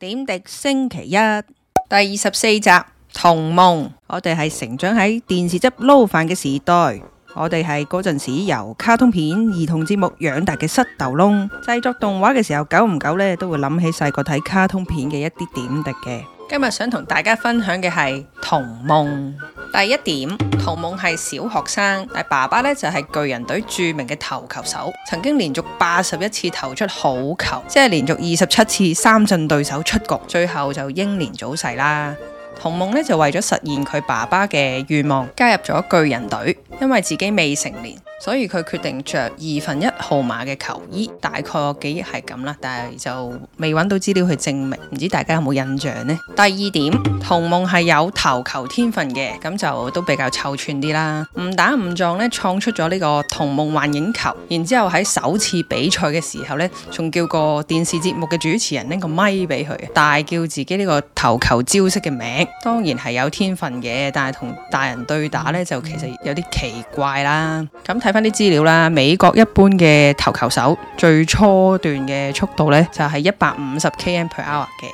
點滴星期一第二十四集《童夢》，我哋係成長喺電視汁撈飯嘅時代，我哋係嗰陣時由卡通片、兒童節目養大嘅膝頭窿。製作動畫嘅時候，久唔久呢，都會諗起細個睇卡通片嘅一啲點滴嘅。今日想同大家分享嘅係《童夢》。第一點，童夢係小學生，但爸爸咧就係巨人隊著名嘅投球手，曾經連續八十一次投出好球，即係連續二十七次三進對手出局，最後就英年早逝啦。童夢咧就為咗實現佢爸爸嘅願望，加入咗巨人隊，因為自己未成年。所以佢決定着二分一號碼嘅球衣，大概記憶係咁啦，但係就未揾到資料去證明，唔知大家有冇印象呢？第二點，童夢係有投球天分嘅，咁就都比較臭串啲啦。誤打誤撞咧，創出咗呢個童夢幻影球。然之後喺首次比賽嘅時候咧，仲叫個電視節目嘅主持人拎個咪俾佢，大叫自己呢個投球招式嘅名。當然係有天分嘅，但係同大人對打咧，就其實有啲奇怪啦。嗯睇翻啲資料啦，美國一般嘅投球手最初段嘅速度呢，就係一百五十 km per hour 嘅。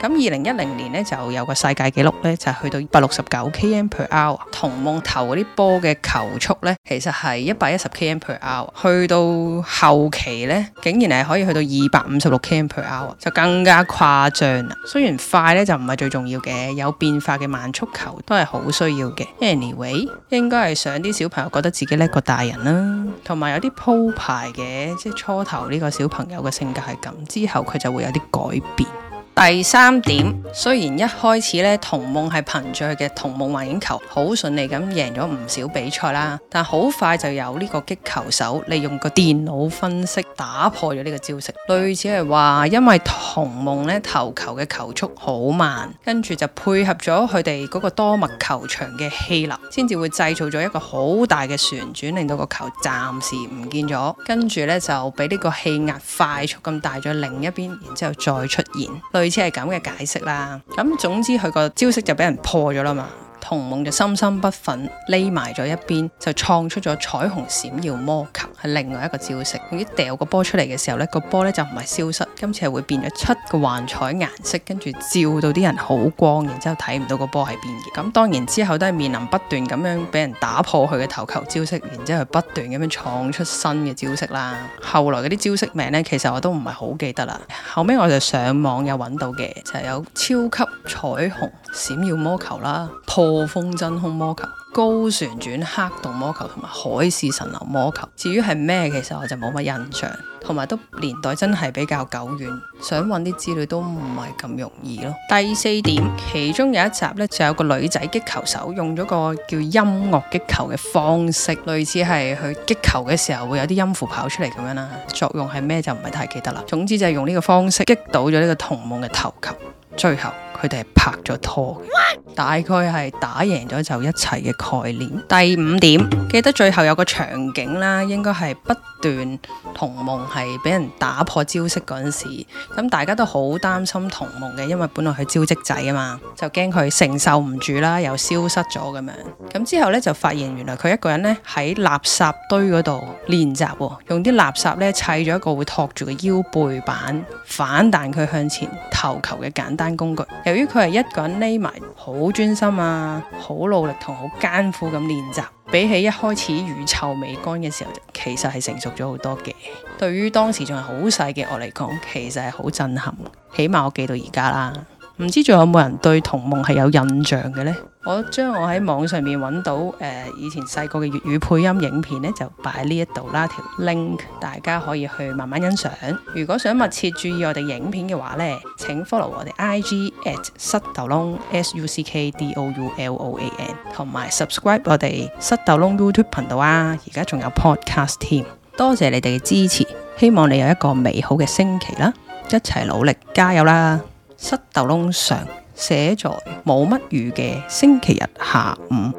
咁二零一零年呢，就有個世界紀錄呢，就去到一百六十九 km per hour。童夢投嗰啲波嘅球速呢，其實係一百一十 km per hour。去到後期呢，竟然係可以去到二百五十六 km per hour，就更加誇張啦。雖然快呢，就唔係最重要嘅，有變化嘅慢速球都係好需要嘅。Anyway，應該係想啲小朋友覺得自己叻過大人。同埋有啲鋪排嘅，即係初頭呢個小朋友嘅性格係咁，之後佢就會有啲改變。第三點，雖然一開始咧，童夢係憑住佢嘅童夢幻影球，好順利咁贏咗唔少比賽啦，但好快就有呢個擊球手利用個電腦分析，打破咗呢個招式。類似係話，因為童夢呢，投球嘅球速好慢，跟住就配合咗佢哋嗰個多密球場嘅氣流，先至會製造咗一個好大嘅旋轉，令到個球暫時唔見咗，跟住呢，就俾呢個氣壓快速咁帶咗另一邊，然之後再出現。似係咁嘅解釋啦，咁總之佢個招式就俾人破咗啦嘛，童夢就深深不忿，匿埋在一邊，就創出咗彩虹閃耀魔球。係另外一個招式，佢一掉個波出嚟嘅時候，呢個波呢就唔係消失，今次係會變咗七個幻彩顏色，跟住照到啲人好光，然之後睇唔到個波喺邊嘅。咁當然之後都係面臨不斷咁樣俾人打破佢嘅投球招式，然之後不斷咁樣創出新嘅招式啦。後來嗰啲招式名呢，其實我都唔係好記得啦。後尾我就上網有揾到嘅，就係有超級彩虹閃耀魔球啦，破風真空魔球。高旋轉黑洞魔球同埋海市蜃樓魔球，至於係咩，其實我就冇乜印象，同埋都年代真係比較久遠，想揾啲資料都唔係咁容易咯。第四點，其中有一集呢，就有個女仔擊球手用咗個叫音樂擊球嘅方式，類似係佢擊球嘅時候會有啲音符跑出嚟咁樣啦。作用係咩就唔係太記得啦。總之就係用呢個方式擊倒咗呢個童夢嘅頭球，最後佢哋係拍咗拖。大概係打贏咗就一齊嘅概念。第五點，記得最後有個場景啦，應該係不斷同夢係俾人打破招式嗰陣時，咁大家都好擔心同夢嘅，因為本來佢招積仔啊嘛，就驚佢承受唔住啦，又消失咗咁樣。咁之後呢，就發現原來佢一個人呢喺垃圾堆嗰度練習喎，用啲垃圾呢砌咗一個會托住個腰背板，反彈佢向前投球嘅簡單工具。由於佢係一個人匿埋好。好專心啊，好努力同好艱苦咁練習，比起一開始乳臭未乾嘅時候，其實係成熟咗好多嘅。對於當時仲係好細嘅我嚟講，其實係好震撼。起碼我記到而家啦。唔知仲有冇人對童夢係有印象嘅呢？我將我喺網上面揾到誒、呃、以前細個嘅粵語配音影片呢，就擺喺呢一度啦。條 link 大家可以去慢慢欣賞。如果想密切注意我哋影片嘅話呢，請 follow 我哋 IG at 塞豆窿 s u c k d o u l o a n，同埋 subscribe 我哋塞豆窿 YouTube 頻道啊。而家仲有 podcast 添。多謝你哋嘅支持，希望你有一個美好嘅星期啦！一齊努力，加油啦！塞豆窿上寫在冇乜雨嘅星期日下午。